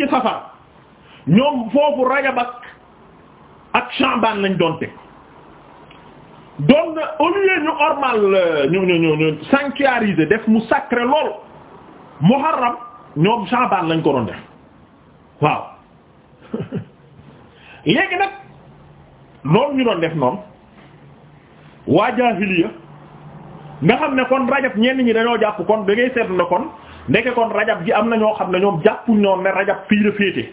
ci safar ñoom foofu rajab ak ak shambaan lañ doon teg doon na au lieu ñu normal ñu ñu ñu ñu sanctuariser def mu sacré lool muharram ñoom shambaan lañ ko doon def waaw léegi nag loolu ñu doon def noonu waa jaahiliya nga xam ne kon rajab ñenn ñi dañoo jàpp kon da ngay seetlu ne kon ndeke kon rajab gi am na ñoo xam ne ñoom jàppu ñoon ne rajab fii la féete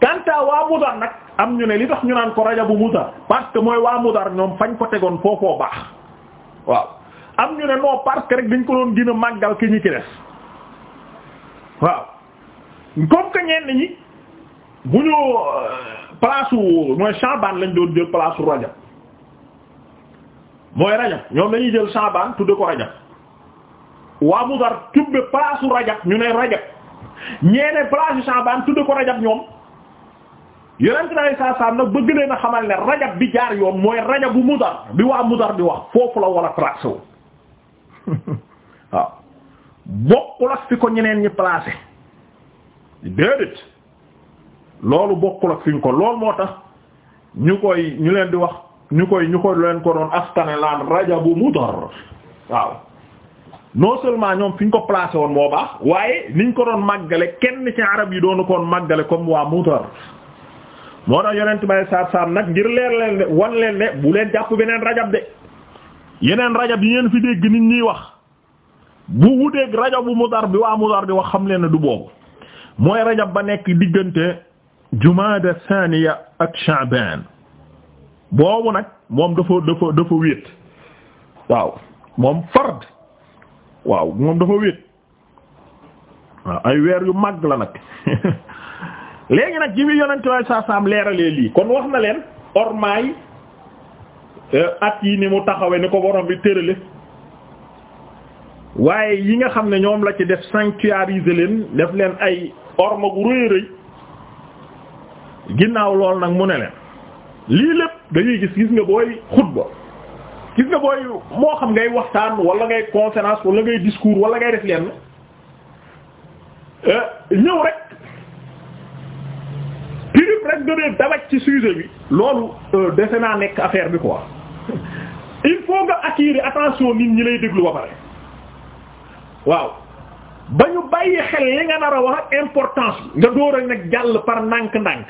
kanta waa mudar nag am ñu ne li tax ñu naan ko rajabu mudar parce que mooy waa mudar ñoom fañ ko tegoon foofoo baax waaw am ñu ne non parce que rek dañ ko doon gën a màggal ki ñi ci des waaw comme que ñenn ñi bu ñu euh, place mooy Shaaban lañ doon jël place rajab mooy rajab ñoom dañuy jël Shaaban tudde ko rajab waa Mudar tubbe palaasu Rajab ñu ne Rajab ñeene palaasu Sha'ban tudde ko Rajab ñoom yonent bi saa saa nag bëgg leen a xamal ne Rajab bi jaar yoon mooy Rajab bu Mudar bi waa Mudar di wax foofu la wala tracé wu waaw fi ko ñeneen ñi placé déedéet loolu bokkul ak fi ñu ko lool moo tax ñu koy ñu leen di wax ñu koy ñu ko leen ko doon askane laan Rajabu Mudar waaw non seulement ñoom fi ñu ko placé woon moo baax waaye niñ ko doon màggale kenn ci arab yi doonu koon màggale comme waa Mutar moo tax yonent bay saab saab nag ngir leer leen ne wan leen ne bu leen jàpp beneen rajab de yeneen rajab yi ngeen fi dégg nit ñiy wax bu wuteeg rajab bu Mutar bi waa Mutar di wax xam leen ne du boobu mooy rajab ba nekk diggante Jumaada Saaniya ak Sha'ban boobu nag moom dafa dafa dafa wéet waaw moom fard waaw moom dafa wéet waaw ay weer yu màgg la nag léegi nag ji bi yonente way saa saam leeralee lii kon wax na leen ormaay euh, at yi ni mu taxawe ni ko borom bi tërale waaye yi nga xam ne ñoom la ci def sanctuariser leen def leen ay orma gu rëy rëy ginnaaw lool nag mu ne leen lii lépp dañuy gis gis nga booy xutba gis nga booy moo xam ngay waxtaan wala ngay conférence wala ngay discours wala ngay def lenn euh, ñëw rek pirip rek gënee dabaj ci sujet bi loolu euh, defe naa nekk affaire bi quoi il faut nga attirer attention nit ñi lay déglu ba pare waaw ba ñu bàyyi xel li nga nar a wax ak importance nga door a nag jàll par ndànk-ndànk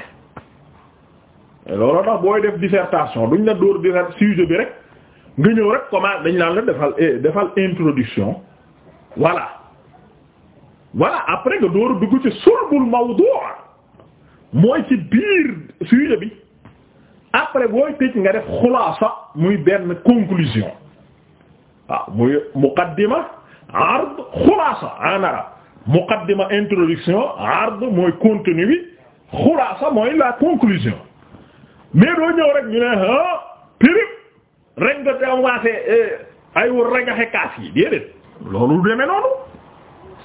loolu tax booy def dissertation duñ la door di sujet bi rek nga ñëw rek comment dañ naan la defal eh, defal introduction voilà voilà après nga door dugg ci sulbul mawdu' mooy ci biir sujet bi après booy tëj nga def xulaasa muy benn conclusion waaw ah, muy muqaddima ard xulaasa en arabe muqaddima introduction ard mooy contenu bi mooy la conclusion mais doo ñëw rek ñu ne ah prix. rek nga commencé eh, ay wur rajaxe kaas yi déedéet loolu lu noonu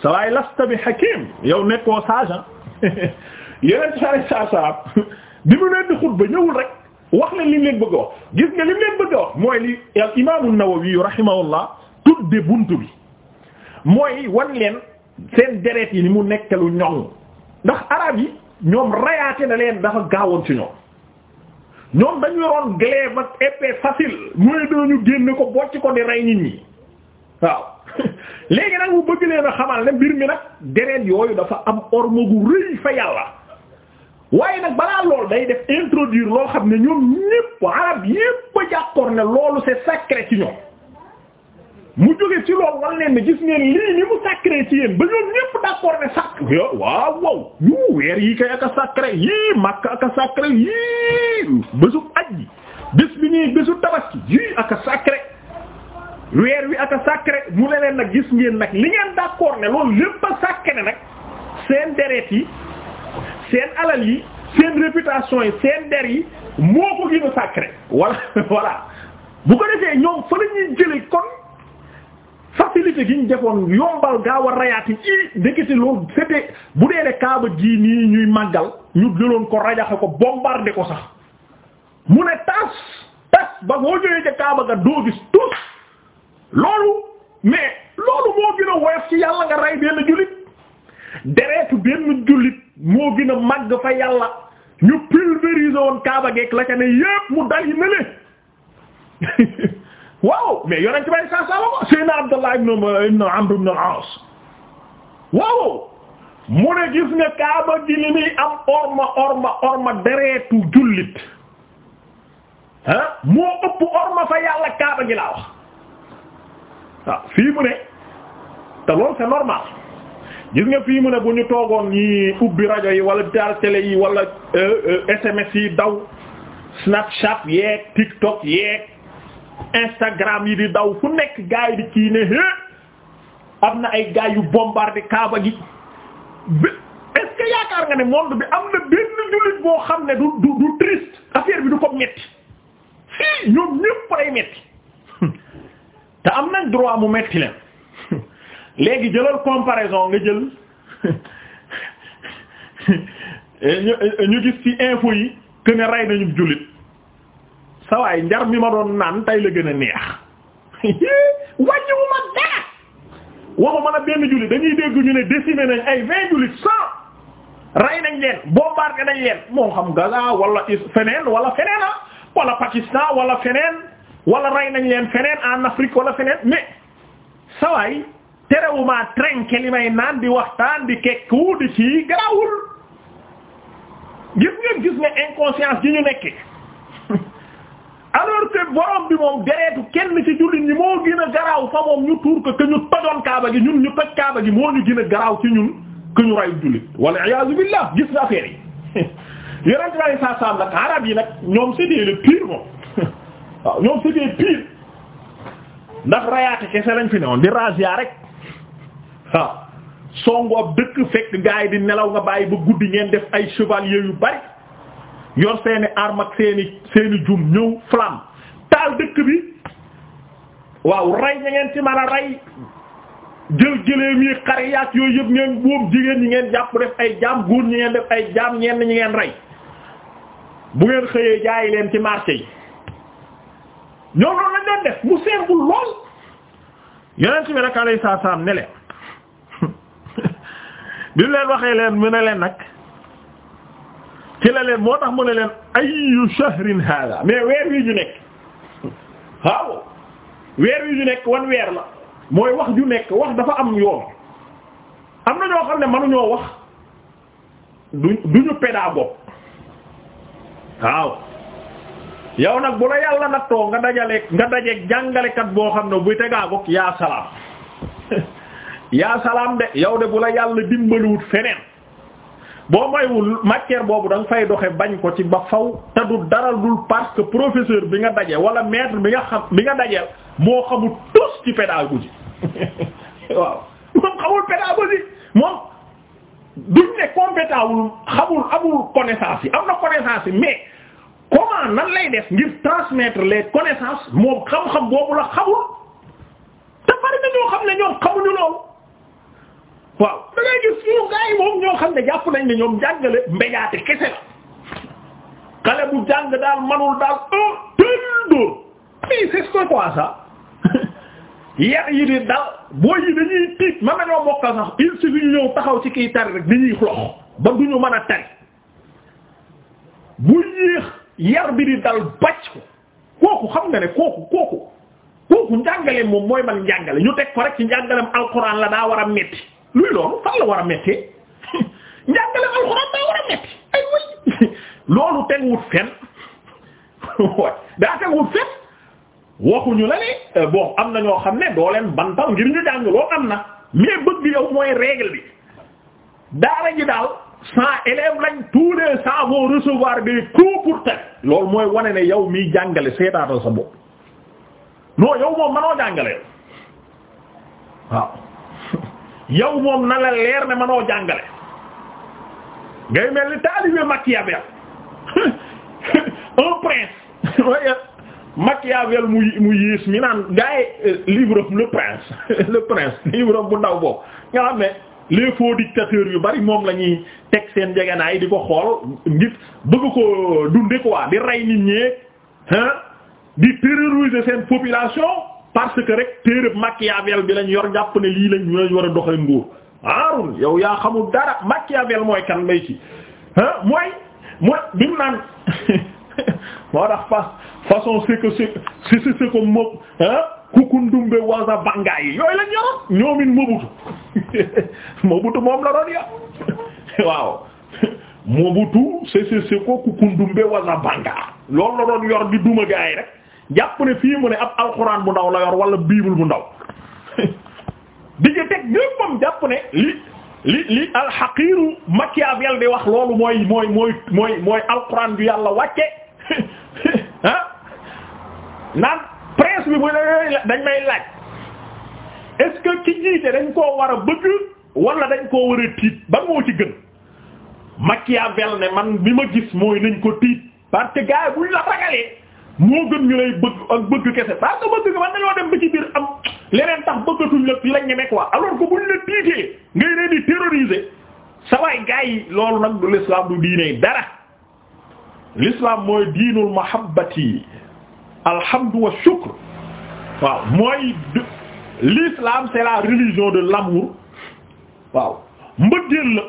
sa waay lasta bi hakim yow nekkoo sage yeneen sare sa sarab bi mu leen di xutba ñëwul rek wax leen li mu leen bëgg a wax gis nga li mooy li al imaamu Nawawi rahimahullah tudde buntu bi mooy wan leen seen deret yi ni mu nekk lu ñoŋ ndax arab yi ñoom rayaate na leen dafa gaawoon ci ñoom ñoom dañu yoroon glaive ak épée facile mooy dañu génne ko bocc ko di rey nit ñi waaw léegi nag mu bëgg leen a xamal ne mbir mi nag deret yooyu dafa am orma gu rëy fa yàlla waaye nag balaa lool day def introduire loo xam ne ñoom ñépp arab yépp a jàkkoor ne loolu c'est sacré ci ñoom mu jóge ci loolu wan leen ne gis ngeen lii ni mu sacré ci yéen ba ñoom ñépp d'accord ne sacré waaw waaw yu weer yi kay ak a sacré yii màkk ak a yii bésu aj yi bés bi yii ak a weer wi ak a sacré mu ne leen nag gis ngeen nag li ngeen d'accord ne loolu lépp a sacré nag seen deret yi seen alal yi seen réputation yi seen der yi moo ko gën a sacré voilà voilà bu ko defee ñoom fa la ñuy kon facilité gi ñu defoon yombal gaaw a rayaat yi i loolu c'était bu dee ne kaaba gii nii ñuy màggal ñu jëloon ko rajaxe ko bombardé ko sax mu ne tas tas ba boo ñëwee ca kaaba ga doo gis tus loolu mais loolu moo gën a woyof ci yàlla nga rey benn jullit deretu benn jullit moo gën a fa yàlla ñu pulvériser woon kaaba geek la ca ne yépp mu dal yi ne waaw mais yonent bi ay saa saa Seydina Abdallah ibn Amr ibn al-As waaw mu ne gis nga Kaaba gi li muy am orma orma orma deretu jullit ah moo ëpp orma fa yàlla Kaaba gi fii mu ne te loolu c'est normal gis nga fii mu ne bu ñu toogoon ñi ubbi rajo yi wala taal télé yi wala SMS euh, euh, yi daw Snapchat yeeg TikTok yeeg. Instagram yi di daw fu nekk gaay di kii ne hé am na ay gaay yu bombardé Kaaba gi est-ce yaakaar nga ne monde bi am na benn jullit boo xam ne du du du triste affaire bi du ko metti fii ñoom ñépp lay metti te am nañ droit mu metti leen léegi jëlal comparaison nga jël eh, eh, ñu gis ci info yi que rey nañu jullit sa waay njar mi ma doon naan tey la gën a neex wàññiwu ma waxuma la benn jullit dañuy dégg ñu ne décimé nañ ay vingt jullit cent rey nañ leen boobaar ga nañ leen moo xam Gaza wala feneen wala feneen ah wala Pakistan wala feneen wala rey nañ leen feneen en Afrique wala feneen mais sa waay terewuma trinqué li naan di waxtaan di kekku di ci garawul gis nga gis nga inconscience gi ñu nekke alors que borom bi moom dereetu kenn ci jullit ñi moo gën a garaaw fa moom ñu tuur ko que tojoon kaaba gi ñun ñu toj kaaba gi moo ñu gën a garaaw ci ñun que ñu rayu jullit wala iyaazu billah gis nga affaire yi yeneen tubaab yi saa saam nag arab yi nag ñoom c'était le pire moom waaw ñoom c'était pire ndax rayaate kese lañ fi newoon di razzia rek waaw songu ab dëkk fekk gaa di nelaw nga bàyyi ba guddi ngeen def ay chevalier yu bari yor seeni arme ak seeni seeni taal dëkk bi waaw rey ña ngeen ci mën a rey jël jëleem yi xar yooyu yëpp ngeen boobu jigéen ñi ngeen jàpp def ay jaam góor ñi ngeen def ay jaam ñenn ñi ngeen rey bu ngeen xëyee jaayi leen ci marché yi ñoo loolu lañ doon def mu seerbul lool yonent bi rek alayhi salaam ne leen bi mu leen waxee leen mu ne leen nag ci la leen moo tax mu ne leen ayyu shahrin hada mais weer wi ñu nekk waaw weer yu ñu nekk wan weer la mooy wax ju nekk wax dafa am yoon am na ñoo xam ne mënuñoo wax du duñu pédagogue waaw yow nag bu la yàlla nattoo nga dajale nga dajeeg jàngalekat boo xam ne buy tegaagog yaa salaam yaa salaam de yow de bu la yàlla dimbaliwut feneen boo maywul matière boobu da nga fay doxe bañ ko ci ba faw te du dara dul parce que professeur bi nga dajee wala maître bi nga xam bi nga dajeel moo xamul tous ci pédagogie waaw moom xamul pédagogie moom duñ ne compétent wul xamul amul connaissance yi am na connaissance yi mais comment nan lay def ngir transmettre les connaissances moom xam-xam boobu la xamul te bari na ñoo xam ne ñoom xamuñu loolu waaw da gis suñu gars moom ñoo xam ne jàpp nañ ne ñoom jàngale mbéjaate kese la xale bu jàng daal manul daal un tel dóor fii c'est quoi ça yar ñu ñëw taxaw ci kiy tari rek dañuy xox ba duñu mën a tari bu yéex yar bi di dal bàcc ko kooku xam nga ne kooku kooku kooku njàngale moom mooy man njàngale ñu teg ko rek ci njàngaleem alxuraan la daa war a metti luy loolu fan la war a méttee njàngale alxuraan daa war a métti ay way loolu fen daa teguwut fen waxuñu la ne euh, bon am na ñoo xam ne doo leen bantal ngir ñu jàng loolu am na mais bëgg yow mooy règle bi daara ji daal cent élèves lañ tous les cent vont recevoir yow miy jàngale seetaatal sa bopp non yow moom mënoo jàngale waaw yow moom na la leer ne manoo jàngale ngay mel ni taalibe Machiavel un prince waaye mu mu yiis mi naan gaa yi euh, livre le prince le prince livre bu ndaw boobu nga xam ne les faux dictateurs yu bari moom la ñuy teg seen jegenaay di ko xool ngir bëgg ko dunde quoi di rey nit ñee di terroriser seen population parce que rek téeréb Machiavel bi lañ yor jàpp ne lii lañ lañ war a doxee nguur Haarun yow yaa xamul dara Machiavel mooy kan bay ci ah mooy mooy bi naan moo tax façon c'est que c'est c'est que moom yi yooyu lañ yoroon ñoomin Mobutu Mobutu moom la doon yor waaw Mobutu c'est c'est c'est ko kukundumbe wasa bangaa doon yor di duma rek jàpp ne fii mu ne ab alxuraan bu ndaw la yor wala bible bu ndaw di nga teg léppam jàpp ne li li li alxaqiiru Machiavel di wax loolu mooy mooy mooy mooy mooy alxuraan bi yàlla wàcce ah naan presse bi mu dañ may laaj est-ce jiite dañ koo war a bëgg wala dañ koo war a tiit ba moo ci gën Machiavel ne man bi ma gis mooy nañ ko tiit parce que yi buñ la ragalee. moo gën ñu lay bëgg ak bëgg kese parce que bëgg man dañoo dem ba ci biir am leneen tax bëggatuñ la fi la ñeme quoi alors que buñ la tiitee ngay leen di terroriser sa waay gaa nag du l'islam du diine dara l'islam mooy diinul mahabbati alhamdu wa shukr waaw mooy l'islam c'est la religion de l'amour waaw mbëggeel la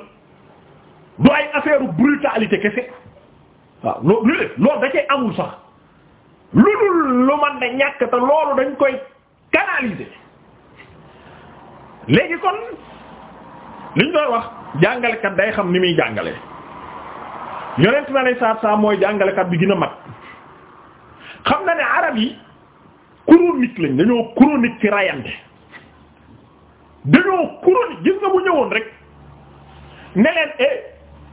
du ay affaire brutalité kese waaw loo da cee amul sax lu dul lu man da ñàkk te loolu dañ koy canaliser léegi kon liñ doon wax jàngalekat day xam ni muy jàngale yonent na ne saab saab mooy jàngalekat bi gën a mag xam na ne arab yi chronique lañ dañoo chronique ci rayante dañoo chronique gis nga bu ñëwoon rek ne leen eh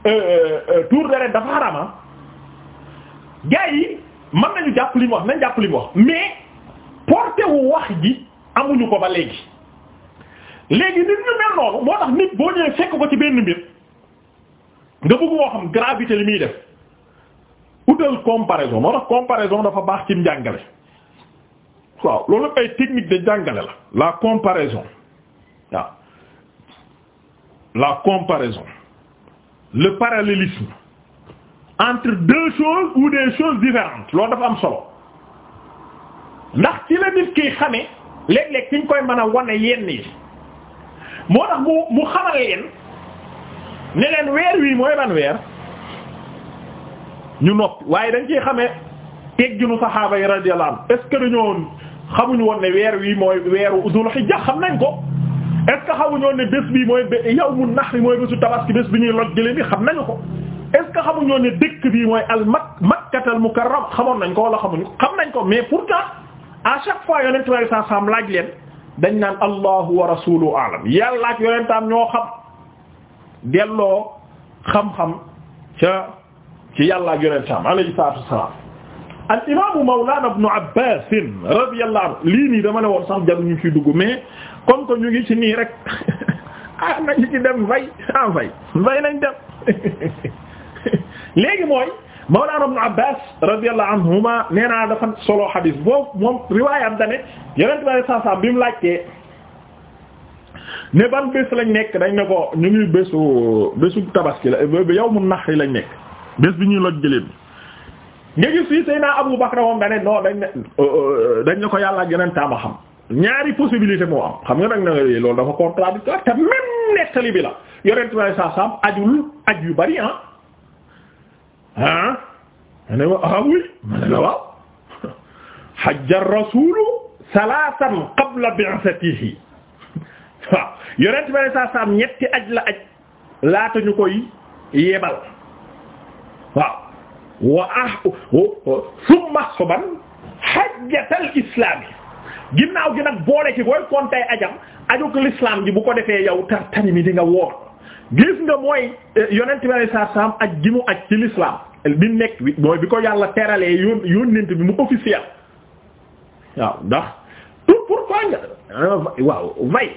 euh, euh, euh, tour dafa xarama ah. gaa mën nañu jàpp li wax nañ jàpp li mu wax mais porté wax ji amuñu ko ba léegi léegi nit ñu mel noonu moo tax nit boo ñëwee fekk ko ci benn mbir nga bëgg woo xam gravité li muy def utal comparaison moo tax comparaison dafa baax ci njàngale waaw loolu ay technique de jàngale la la comparaison waaw la comparaison le parallélisme entre deux choses ou des choses différentes loolu dafa am solo ndax ci la nit ki xamee léeg-léeg ci ñu koy mën a wane yenn yi moo tax mu mu xamal leen ne weer wii mooy ban weer ñu noppi waaye dañ ciy xamee tegginu saxaaba yi radiyallahu anhu est-ce que dañoo woon xamuñu woon ne weer wii mooy weeru Dul Hijja xam nañ ko est-ce que xamuñu woon ne bés bi mooy yawmu nahri mooy bésu tabaski bés bi ñuy loj jëlee bi xam nañu ko. est-ce que xamuñoo ne dëkk bii mooy al mak makkatal mukarrama xamoon nañ ko wala xamuñu ko xam nañ ko mais pourtant à chaque fois yonent bi saa saam laaj leen dañ naan allahu wa rasuluhu alam a ak yonentam ñoo xam delloo xam-xam ca ci yàlla a yonentam alayhi salaatu wassalaam al imaamu mawlana ibnu Abbaas radiyallahu anhu lii nii dama ne woon sax jaru ñu ci dugg mais comme ñu ngi ci nii rek ah nañu ci dem mbay ah mbay mbay nañ dem léegi mooy Mawlana Ibn Abbas radiyallahu anhuma nee naa dafa solo xadis boobu moom riwaayam dane yeneen bi alei saa bi mu laajtee ne ban bés lañ nekk dañ ne ko ñu ngi bésu bésu tabaski la yawmu nahri lañ nekk bi ñuy loj jëleen nga gis fii Seydina Abu Bakr moom dane non dañ ne euh, euh, dañ ko yàlla ak yeneen taama xam ñaari possibilité moo am xam na nga loolu dafa la yorent bi alei saa ajul aj yu bari ah ah ma ne ah oui ma ne la waaw hajja rasulu salaasan qabla bi'satihi yonent bi saa saam ñetti aj la aj laata ñu koy yebal waaw wa ah summa suban hajjatal islam yi ginnaaw gi nag boole ci booy kontay ajam ajug l'islam ji bu ko defee yow tar mi di nga woor gis nga mooy eh, yonent bi saa saam aj gi aj ci l'islam bi mu nekk mooy bi ko yàlla teralee yoon yónnent bi mu officiel waaw ndax tout pourquoi nga ah, waaw vay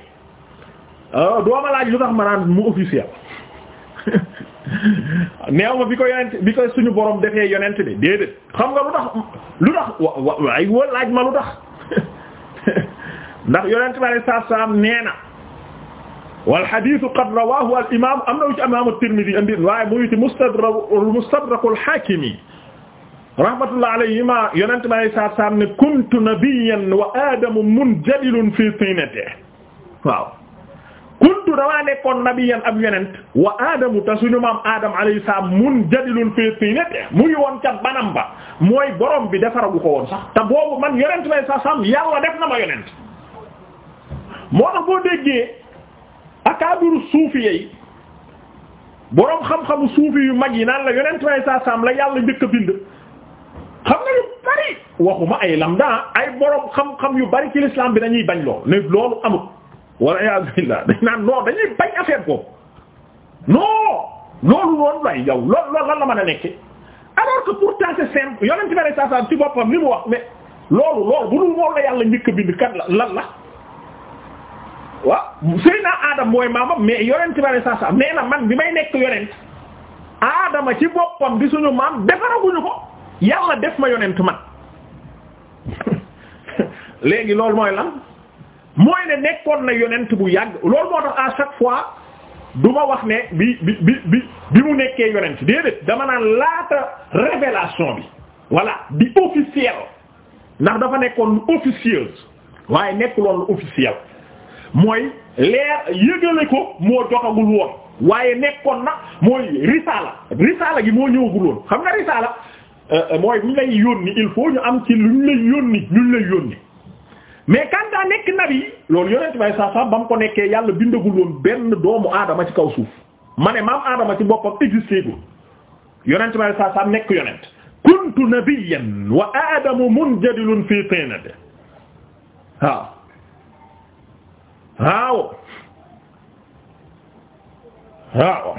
ah, dooma laaj lu tax ma naan mu officiel neew ma bi ko yonent bi ko suñu borom defee yonent bi déedéet xam nga lu tax lu tax wa wa laaj ma lu tax ndax yonent bi sallallahu alayhi wasallam nee na wal hadith qad rawahu al imam am na wu ci imam at-Tirmidhi andi waaye mu ngi ci mustadrak mustadrak al-Hakim rahmatullah alayhima yonent bi alayhi salaatu salaam ne kuntu nabiyyan wa aadamu munjadilun fi tinatihi waaw kuntu damaa nekkoon nabiyyan ab yonent wa aadamu te suñu maam aadam alayhi salaam munjadilun fi tinatihi mu ngi woon ca banam ba mooy borom bi defaragu ko woon sax te boobu man yonent bi alayhi salaatu salaam yàlla def na ma yonent moo tax boo déggee akaabiru suufi yi boroom xam-xamu suufi yu mag yi naan la yonent may saa la yàlla njëkk a bind xam nga yu bari waxuma ay lamda ay boroom xam-xam yu bari ci l'islam bi dañuy bañ lool ne loolu amul wala yasbillah dañ naan non dañuy bañ affaire boobu non loolu loolu lay yow loolu loolu lan la mën a nekke alors que pourtant c'est simple yonent may saa ci boppam li mu wax mais loolu loolu bu dul loolu la yàlla njëkk bind kat la lan la waaw Seydina Adam mooy maamam mais yonent bari saa saa mais na man bi may nekk yonent Adama ci boppam bi suñu maam defaraguñu ko yàlla def ma yonent man léegi loolu mooy lan mooy ne nekkoon na yonent bu yàgg loolu moo tax à chaque fois du ma wax ne bi bi bi bi bi mu nekkee yonent déedéet dama naan laata révélation bi voilà di officiel ndax dafa nekkoon lu officieuse waaye nekkuloon lu officiel mooy leer yëgale ko moo joxagul woon waaye nekkoon na mooy risaala risaala gi moo ñëwagul woon xam nga risaala euh, mooy buñ lay yónni il faut ñu am ci luñ lay yónni luñ lay yónni mais quand daa nekk nabi loolu yonent bay saa saa ba mu ko nekkee yàlla bindagul woon benn doomu aadama ci kaw suuf ma ne maam aadama ci boppam existé gu yonent bay saa saa nekk yonent kuntu nabiyyan wa aadamu munjadilun fii tinati waaw waaw waaw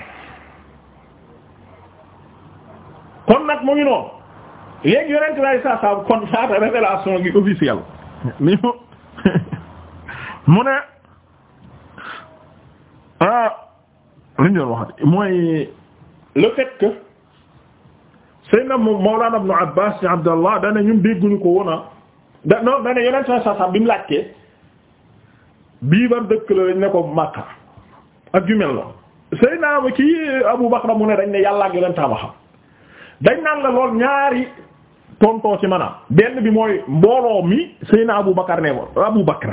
kon nag mu ngi noonu léegi yonent lay saa saa kon ñaata révélation gi officielle mi mu mu ne ah lu ñu doon waxati mooy le fait que Seydina Mawlana Abbas ni Abdallah dana ñun dégguñu ko wona ah, da non dana yonent lay saa saa bi mu laajtee bii ban dëkk la dañ ne ko Makka ak yu mel noonu naa ma ci Abu Bakra mu ne dañ ne yàlla ak yonent ma dañ naan la lool ñaari tontoo ci manaam benn bi mooy mbooloo mi sëy naa Abu Bakar ne woon Abu Bakra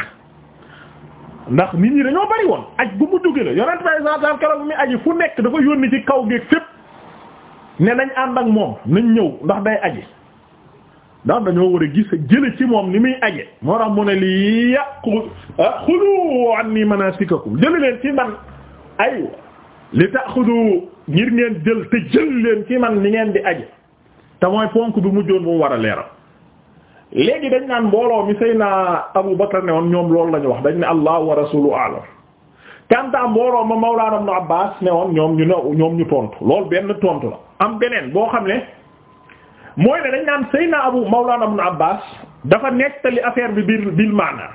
ndax nit ñi dañoo bari woon aj bu mu duggi la yonent bay santan keroog mi aji fu nekk dafa yónni ci kaw géeg fépp ne nañ ànd ak moom nañ ñëw ndax day aji ndax dañoo war a gis jële ci moom ni muy aje moo tax mu ne li yàqu ah, xudu anni manasikakum jële leen ci man aywa li taxudu ngir ngeen jël te jël leen ci man ni ngeen di aje te mooy ponk bi mu bu mu war a leeral léegi dañ naan mbooloo mi Seydina Abu Bakar ne woon ñoom loolu la ñu wax dañ ne Allah wa a alam kanta mbooloo ma Mawlaana Ibn Abbaas ne woon ñoom ñu ne ñoom ñu tontu loolu benn tontu la am beneen boo xam ne mooy ne dañ naan Seydina Abu Mawlana Ibn Abbas dafa nettali affaire bi biir bil maana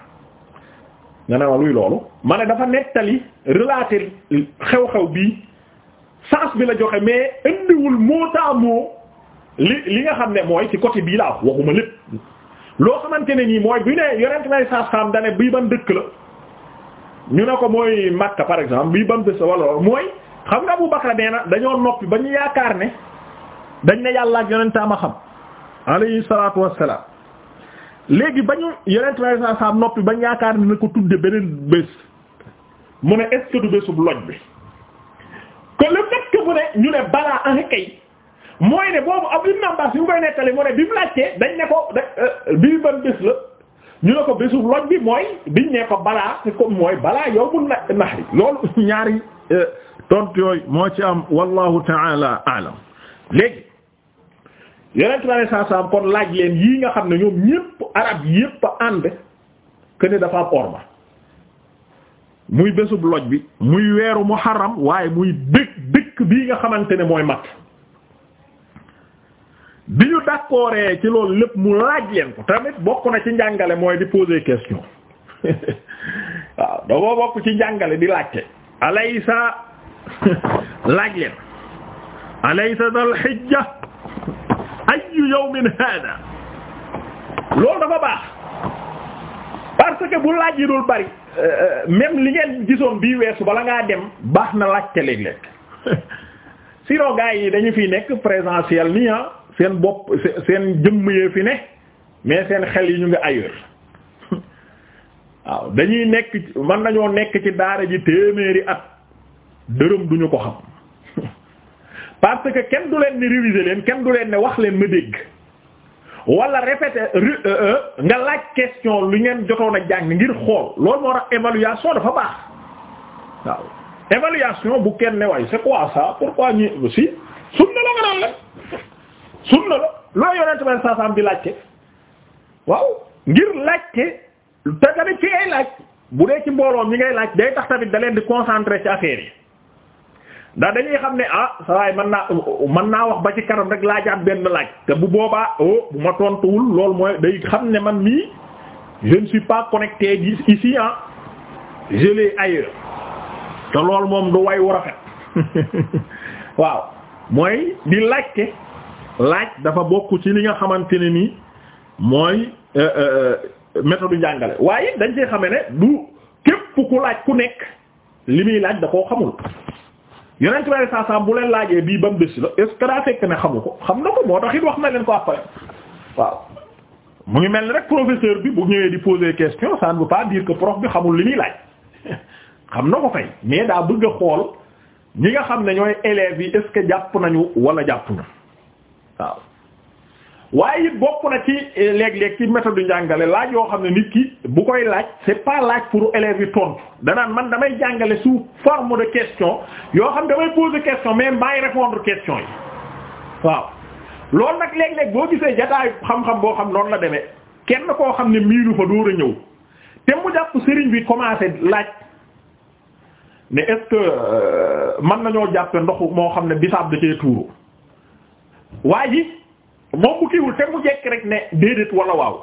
nga ne ma luy loolu ma ne dafa nettali relater xew-xew bii sens bi la joxe mais indiwul moo taa li li nga xam ne mooy ci côté bii laa waxuma lépp loo xamante ne nii mooy bu ne yonent may sens xam dane bii ban dëkk la ñu ne ko mooy Makka par exemple bii ban dëkk wala mooy xam nga Abu Bakr nee na dañoo noppi ba ñu yaakaar ne. dañ ne yàlla ak yonentaam a xam alayhi salaatu wassalaam léegi ba ñu yonent bi alayhi noppi bañ yaakaar ne na ko tudde beneen bés mu ne est-ce que du bésub loj bi ñu ne balaa bi mu dañ ne ko euh, bi ban bés la ne ko bésub loj bi mooy biñ ne ko balaa te comme mooy balaa yawmun nahri loolu ñaari euh, tontu yooyu moo ci am wallahu ta'ala a'lam léegi yonent bi saa saa kon laaj leen yii nga xam ne ñoom ñépp arab yépp a ànd que dafa am orma muy bésub loj bi muy weeru muharram waaye muy dëkk dëkk bii nga xamante ne mooy mat bi ñu d'accord ci loolu lépp mu laaj leen ko tamit bokk na ci njàngale mooy di poser question waaw dafa bokk ci njàngale di laajte alaysa laaj leen alaysa dal hijja ayyu yawmin hada loolu dafa baax parce que bu laaj yi dul bari euh, euh, même li ngeen gisoon bii weesu bala ngaa dem baax na laajte léeg-léeg sinon gars yi dañu fi nekk présentiel nii ah seen bopp seen jëmm yee fi ne mais seen xel yi ñu ngi ailleurs waaw dañuy nekk mën nañoo nekk ci daara ji téeméeri at dërëm duñu ko xam parce que kenn du leen ni réviser leen kenn du leen ne wax leen ma dégg wala répéter euh, euh, nga laaj question lu ngeen jotoon a jàng ngir xool loolu moo tax évaluation dafa baax waaw évaluation bu kenn ne waay c'est quoi ça pourquoi ñu aussi sunna la nga naan la sunna la loo yonent ba saa saam di laajte waaw ngir laajte te tamit ci ay laaj bu dee ci mbooloo mi ngay laaj day tax tamit da leen di concentrer ci affaire yi. ndax dañuy xam ne ah sawaay man naa mën naa wax ba ci kanam rek laajaat benn laaj te bu boobaa oh bu ma tontuwul lool mooy day xam ne man mii je ne suis pas gi ici ah je l'ai te loolu moom du way wu rafet waaw mooy di laajte laaj dafa bokk ci li nga xamante ne nii mooy euh, euh, euh, méthode jàngale waaye dañ ci xame ne du képp ku laaj ku nekk li muy laaj da koo xamul yeneen tubaab yi saa saa bu leen laajee bii ba mu des la est ce que daa fekk ne xamu ko xam na ko moo tax it wax na leen ko après waaw. mu ngi mel ni rek professeur bi bu ñëwee di poser question ça ne veut pas dire que prof bi xamul li muy laaj xam na ko kay mais daa bëgg a xool ñi nga xam ne ñooy élèves yi est ce que jàpp nañu wala jàpp na waaw. waaye it bokk na ci eh, léeg-léeg ci méthode njàngale laaj yoo xam ne nit ki bu koy laaj c'est pas laaj pour élèves yi tontu danaan man damay jàngale sous forme de question yoo xam damay poser question mais maay répondre question yi waaw loolu nag léeg-léeg boo gisee jataayu xam-xam boo xam noonu la demee kenn koo xam ne miiru fa door a ñëw te mu jàpp sëriñ bi commencé laaj mais est-ce euh, mën nañoo jàppe ndoxu moo xam ne bisaab da cee tuuru waa ji moom bu kiiwul te mu jekk rek ne déedéet wala waaw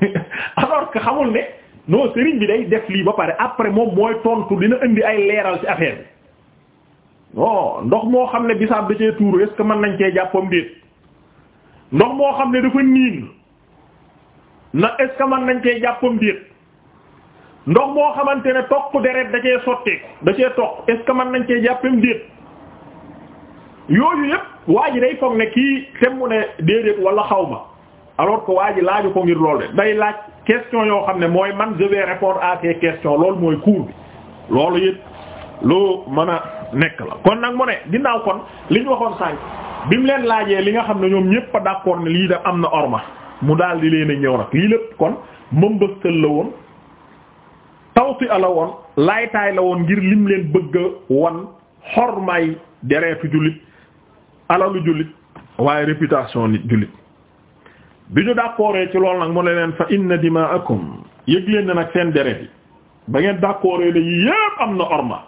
alors que xamul ne non sëriñ bi day def lii ba pare après moom mooy tontu dina indi ay leeral ci affaire bi non ndox moo xam ne bisaab da cee tuuru est nañ cee jàppam déet ndox moo xam ne dafa niin na est-ce que nañ cee jàppam déet ndox moo xamante ne toq deret da cee sotteeku da cee toq est mën nañ cee jàppam déet yooyu yëpp waa ji day foog ne kii tem mu ne déedéet wala xaw ma alors que waa ji laaju ko ngir lool de day laaj question yoo xam ne mooy man je vais répondre à ces loolu mooy cours bi loolu yëpp loo mën a nekk la kon nag mu ne ginnaaw kon li ñu waxoon sànq bi mu leen laajee li nga xam ne ñoom ñëpp a d'accord ne lii da am na orma mu daal di leen a ñëw nag lii lépp kon mëmbëstal la woon tawti ala woon laytaay la woon ngir lim leen bëgg a wan xormaay dereetu jullit alalu jullit waaye réputation nit jullit bi ñu d'accord ci lool nag mu ne leen fa inna dimaakum yëg leen nag seen deret yi ba ngeen d'accord ne yi yépp am na orma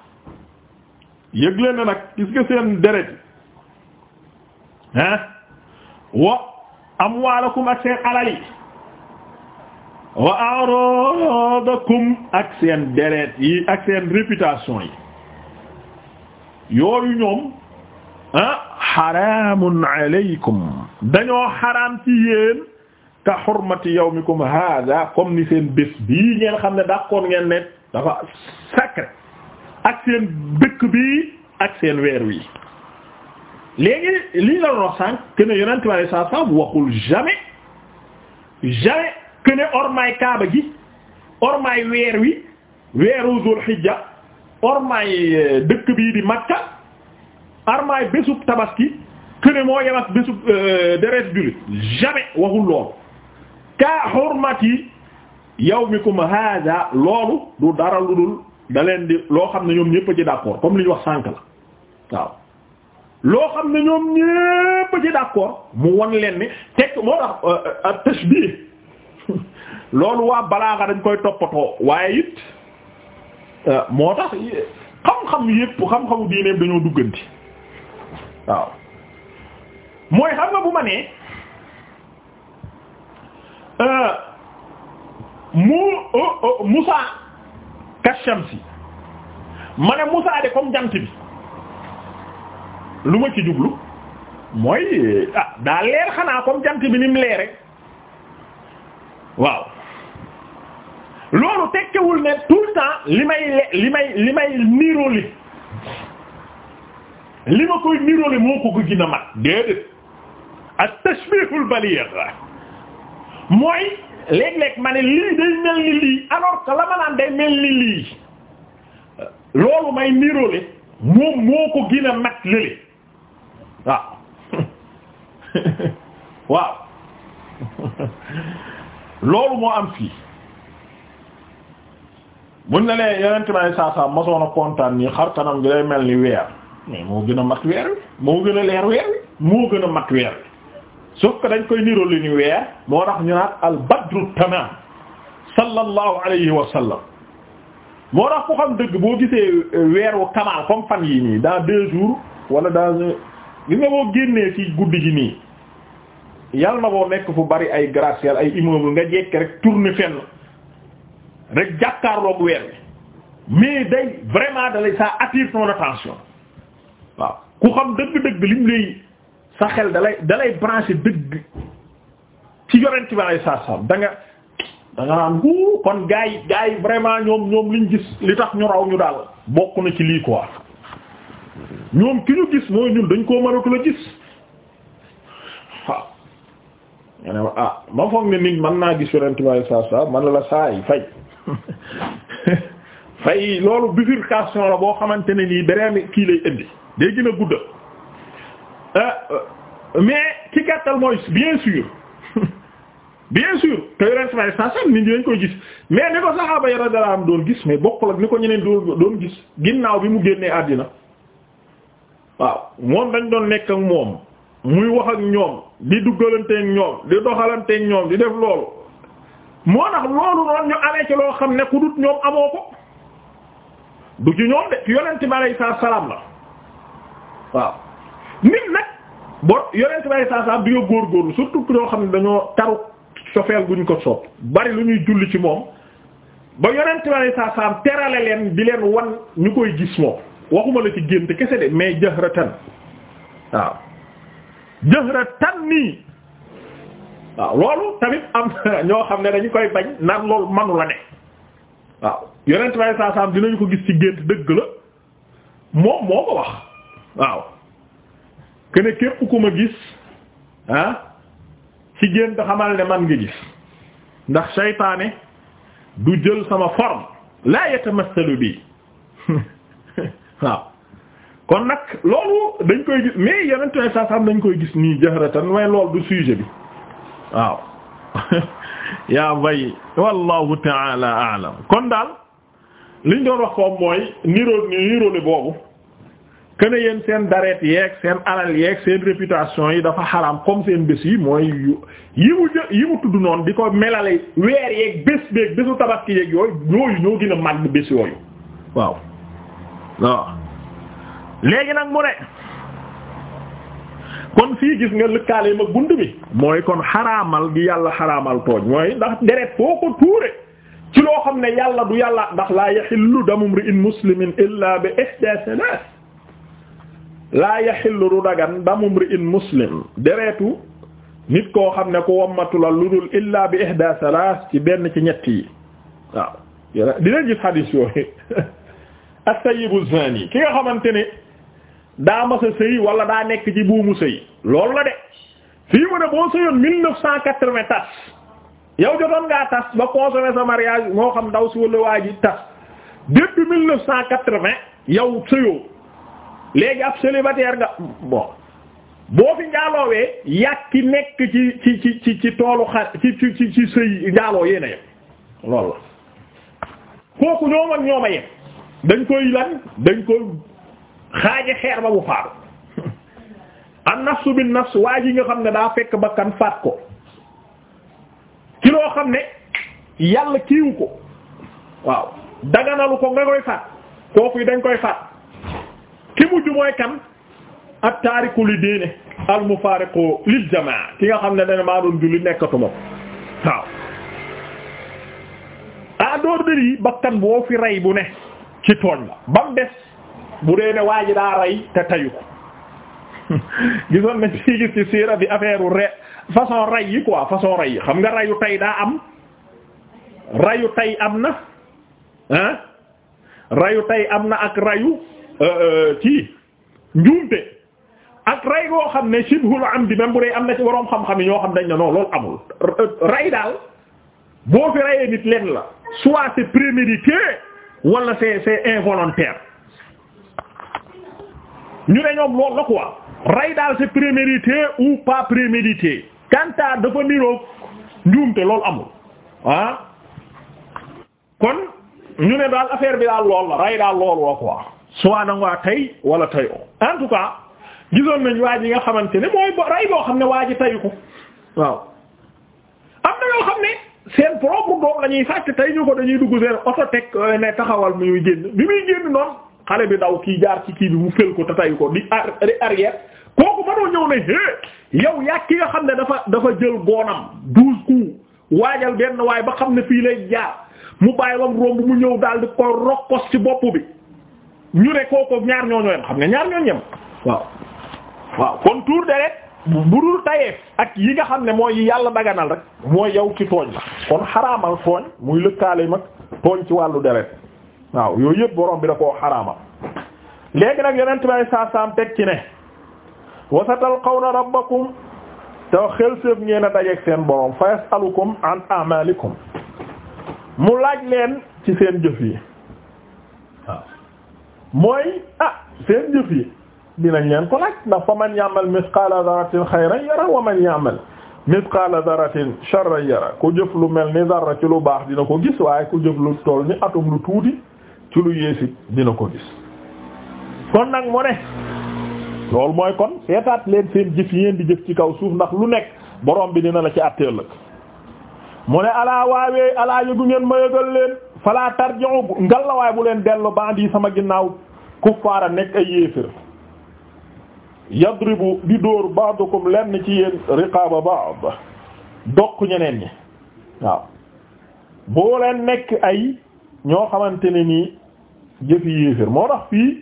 yëg leen ne nag gis nga seen deret yi ah wa amwaalakum ak seen alal yi wa aradakum ak seen deret yi ak seen réputation yi yooyu ñoom ah xaraamun alaykum dañoo xaraam ci yéen ka xurmati yawmikum hada comme ni seen bés bii xam ne d'accord ngeen ne dafa sacré ak seen dëkk bi ak seen weer wi léegi liñ la doon wax sànq que ne yonent bi alayhi salaatu salaam waxul ormaay kaaba ormaay weer weeru Dul Hijja ormaay euh, dëkk di Makka armaay bésub tabaski këne moo yem ak bésub euh, deret jullit jamais waxul loolu kaa hurmati yawmikum hada loolu du dara lu dul da leen di loo xam ne ñoom ñépp a ci d'accord comme li ñu wax sànk la waaw loo xam ne ñoom ñépp a ci d'accord mu won leen ni tekk moo tax euh, euh, tashbih loolu waa balaaxa dañ koy toppatoo waaye it moo tax xam-xam yépp xam-xamu diineem dañoo dugganti waaw mooy xam nga bu ma nee euh, mu euh, euh, Musa kashamsi ma ne Musa de comme jant bi lu ma ci jublu mooy ah daa leer xanaa comme jant bi ni mu leere waaw loolu tekkewul ne tout le temps li may li may li may niroli li ma koy niroole moo ko ko gën a mat déedéet ak tashbihul baligh mooy léeg-léeg ma lii day mel ni lii alors que la ma day mel ni lii loolu may niroole moom moo ko gën a mat lële waaw waaw loolu moo am fii buñ ne lee yeneen time ay saa saa masoon kontaan nii xar gi day mel ni weer mais moo gën a mat weer wi moo gën a leer weer wi moo gën a mat weer wi sauf que dañ koy niroo li ñu weer moo tax ñu naat al badru tamaam sallallahu alayhi wa sallam moo tax ku xam dëgg boo gisee euh, weer wu kamaal comme fan yi nii dans deux jours wala dans li nga boo génnee ci guddi gi nii yàlla na boo nekk fu bari ay gratte-ciel ay immeuble nga jekke rek tourner fenn rek jàkkaarloog weer wi mais day vraiment dalay ça attire ton attention waaw ku xam dëgg-dëgg lim lay sa xel dalay dalay branché dëgg ci yonent bi ay saa saa da danga da naan wuu kon gars yi gars yi vraiment ñoom ñoom liñ gis li tax ñu raw ñu daal bokk na ci lii quoi ñoom ki ñu gis mooy ñun dañ koo mënatu la gis waaw. ne ma ah ma foog ne nit mën naa gis yonent bi ay saa saa man la saa yi fay. fay loolu bifurcation la boo xamante ne nii beneen kii lay indi day gën a gudda euh, euh, mais ci gàttal mooy bien sûr bien sûr te yore si may sànqal nit ñi dañ koy gis mais ni ko saxaaba yi doon gis mais bokkul ak ni ko ñeneen doon doon gis ginnaaw bi mu génnee àddina waaw moom dañ doon nekk ak moom muy wax ak ñoom di duggalanteeg ñoom di doxalanteeg ñoom di def loolu moo tax loolu noonu ñu amee ci loo xam ne ku dut ñoom amoo ko du ci ñoom de ci yonent bi alayhi salaam la. waaw nit nag bon yonent bay saasaam di nga góorgóorlu surtout ñoo xam ne dañoo taru cofeel guñ ko sopp bari lu ñuy julli ci moom ba yonent bay saasaam terale leen di leen wan ñu koy gis moom waxuma la ci gént kese de mais jahratan waaw jahratan nii waaw loolu tamit am ñoo xam ne dañu koy bañ naan loolu manu la ne waaw yonent bay saasaam dinañu ko gis ci gént dëgg la moom moo ko wax waaw kene képp ku ma gis ah ci gént xamal ne man nga gis ndax seytaane du jël sama forme la yatamassalu bi waaw kon nag loolu dañ koy gis mais yenente way saa dañ koy gis nii jahratan waaye loolu du sujet bi waaw yaa bay wallahu ta'ala a'lam kon daal liñ doon wax ko mooy niroo niroole boobu kene yéen seen dareet yeeg seen alal yeeg seen réputation yi dafa xaram comme seen bés yi mooy yi mu jë yi mu tudd noonu di ko melale weer yeeg bés beeg bésu tabaski yeeg yooyu yooyu ñoo gën a màgg bés yooyu waaw waaw léegi nag mu ne kon fii gis nga lëkkaale ma bunt bi mooy kon xaraamal gi yàlla xaraamal tooñ mooy ndax deret foo ko tuure ci loo xam ne yàlla du yàlla ndax laa yaxillu damu mri'in muslimin illa bi ihda thalath laa yaxillu du dagan damum ri in muslim deretu nit koo xam ne ku wammatu la lu dul illaa bi ihda salaas ci benn ci ñett yi waaw dinañ gis xadiis yooyu as-sayyibu zani ki nga xamante ni daa mas sëy wala daa nekk ci buumu sëy loolu la de fii mu ne boo sëyoon cent quatre tas yow jotoon ngaa tas ba consommer sa mariage moo xam ndaw si wala waa ji tas depuis mille neuf quatre-vingt yow sëyoo léegi ab célibataire nga bon boo fi njaaloowee yàq ki nekk ci ci ci ci ci toolu xa ci ci ci ci sëy njaaloo yéen a yem loolu la kooku ñoom ak ñoom a yem dañ koy lan dañ koy xaaje xeer ba mu faatu an nafsu bin nafs waa ji nga xam ne daa fekk bakkan faat ko ci loo xam ne yàlla kiiwu ko waaw daganalu ko nga koy faat kooku dañ koy faat mujj mooy kan ak li diine al mufaariqu lil jamaa ki nga xam ne dana maa doon julli nekkatuma ko waaw à door dër yi bakkan boo fi ray bu ne ci tooñ la ba mu des bu dee ne waa daa rey te tayu gisoon nañ ci gis ci siira bi affaire re façon rey yi quoi façon rey yi xam nga reyu tey daa am reyu tey am na ah reyu tey am na ak reyu ci euh, euh, njuumte ak ray goo xam ne shibhul amdi même bu dee am na si waroom xam-xam yi ñoo xam dañ ne non loolu amul euh, ray daal boo fi rayee nit leen la soit c'est prémédité wala c'est c'est involontaire ñu ne ñoom loolu la quoi ray daal c'est prémédité ou pas prémédité kanta dafa niroog njuumte loolu amul ah? kon ñu ne daal affaire bi daal lool la ray daal loolu la quoi soit waa tay wala tayoo en tout cas gisoon nañ waa yi nga xamante ne mooy rey boo xam ne waa ji tayu ko waaw am na yoo xam ne seen propre doom la ñuy sàcc tay ñu ko dañuy dugg seen oto teg euh, ne taxawal muy génn bi muy génn noonu xale bi daw kii jaar ci kii bi mu fël ko te tayu ko di arrière kooku mënoo ñëw ne é yow yàgg ki nga xam ne dafa dafa jël goonam douze coups waajal benn waay ba xam ne fii lay jaar mu bàyyi wam romb mu ñëw daal di ko rokkos ci bopp bi ñu ne kooku ñaar ñooñu yem xam nga ñaar ñooñu yem waaw waaw kon tuur deret bu dul tayeef ak yi nga xam ne mooy yàlla daganal rek mooy yow ci tooñ la kon xaraamal tooñ muy lëkkaale mag tooñ ci wàllu deret waaw yooyu yëpp borom bi da koo xaraamal léegi nag yeneen tubaab saa saam teg ci ne wasatal qawna rabbakum te xel séef ngeen a dajeek seen borom fa yasalukum an amalikum mu laaj leen ci seen jëf yi. mooy ah seen jëf yi dinañ leen ko laaj ndax fa man ya'mal mithqala dharratin khayran yara wa man ya'mal mithqala dharratin sharran yara ku jëf lu mel ni dara ci lu baax dina ko gis waaye ku jëf lu toll ni atum lu tuuti ci lu yéesit dina ko gis kon nag mu ne loolu mooy kon seetaat leen seen jëf yi di jëf ci kaw suuf ndax lu nekk borom bi dina la ci àtteel mu ne alaa waawee alaa yëgu ngeen ma yëgal leen fala tarji'u ngallawaay bu leen dellu ba'di sama ginnaaw kuffaara nekk ay yéefér yadribu di dóor ba'dukum lenn ci yéen riqaaba ba'd doq ñeneen ñi waaw boo nekk ay ñoo xamante ne nii jëfi yéefér moo tax fii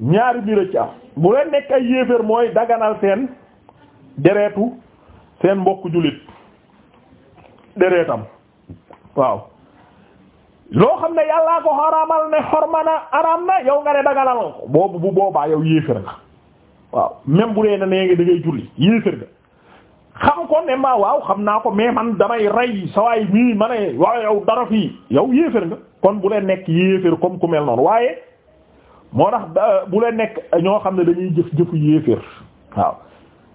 ñaari biir a ci am bu leen nekk ay yéefér mooy daganal seen deretu seen mbokk jullit deretam waaw loo xam ne yàllaa ko xaramal ne xormana aram na yow nga ne daganal ko boobu bu boobaa yow yéefér nga waaw même bu dee na nee nga da ngay julli nga xam naa ko mais man damay rey sawaay mii yow dara fii kon bu leen nekk yéefér comme ku mel noonu waaye moo tax bu leen nekk ñoo xam ne dañuy jëf jëfu yéefér waaw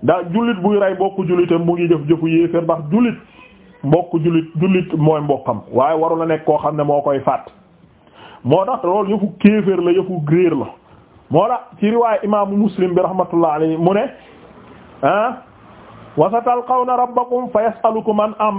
ndax jullit buy rey bokku jullitam mu ngi jëf jëfu yéefér ndax jullit mbokk jullit jullit mooy mbokkam waaye waru la nekk koo xam ne moo koy faat moo tax loolu yëfu kéeféer la yëfu gréer la moo tax ci riwaay imaamu muslim bi rahmatullah alayhi mu ne ah wa satalqawna rabbakum fa yasalukum an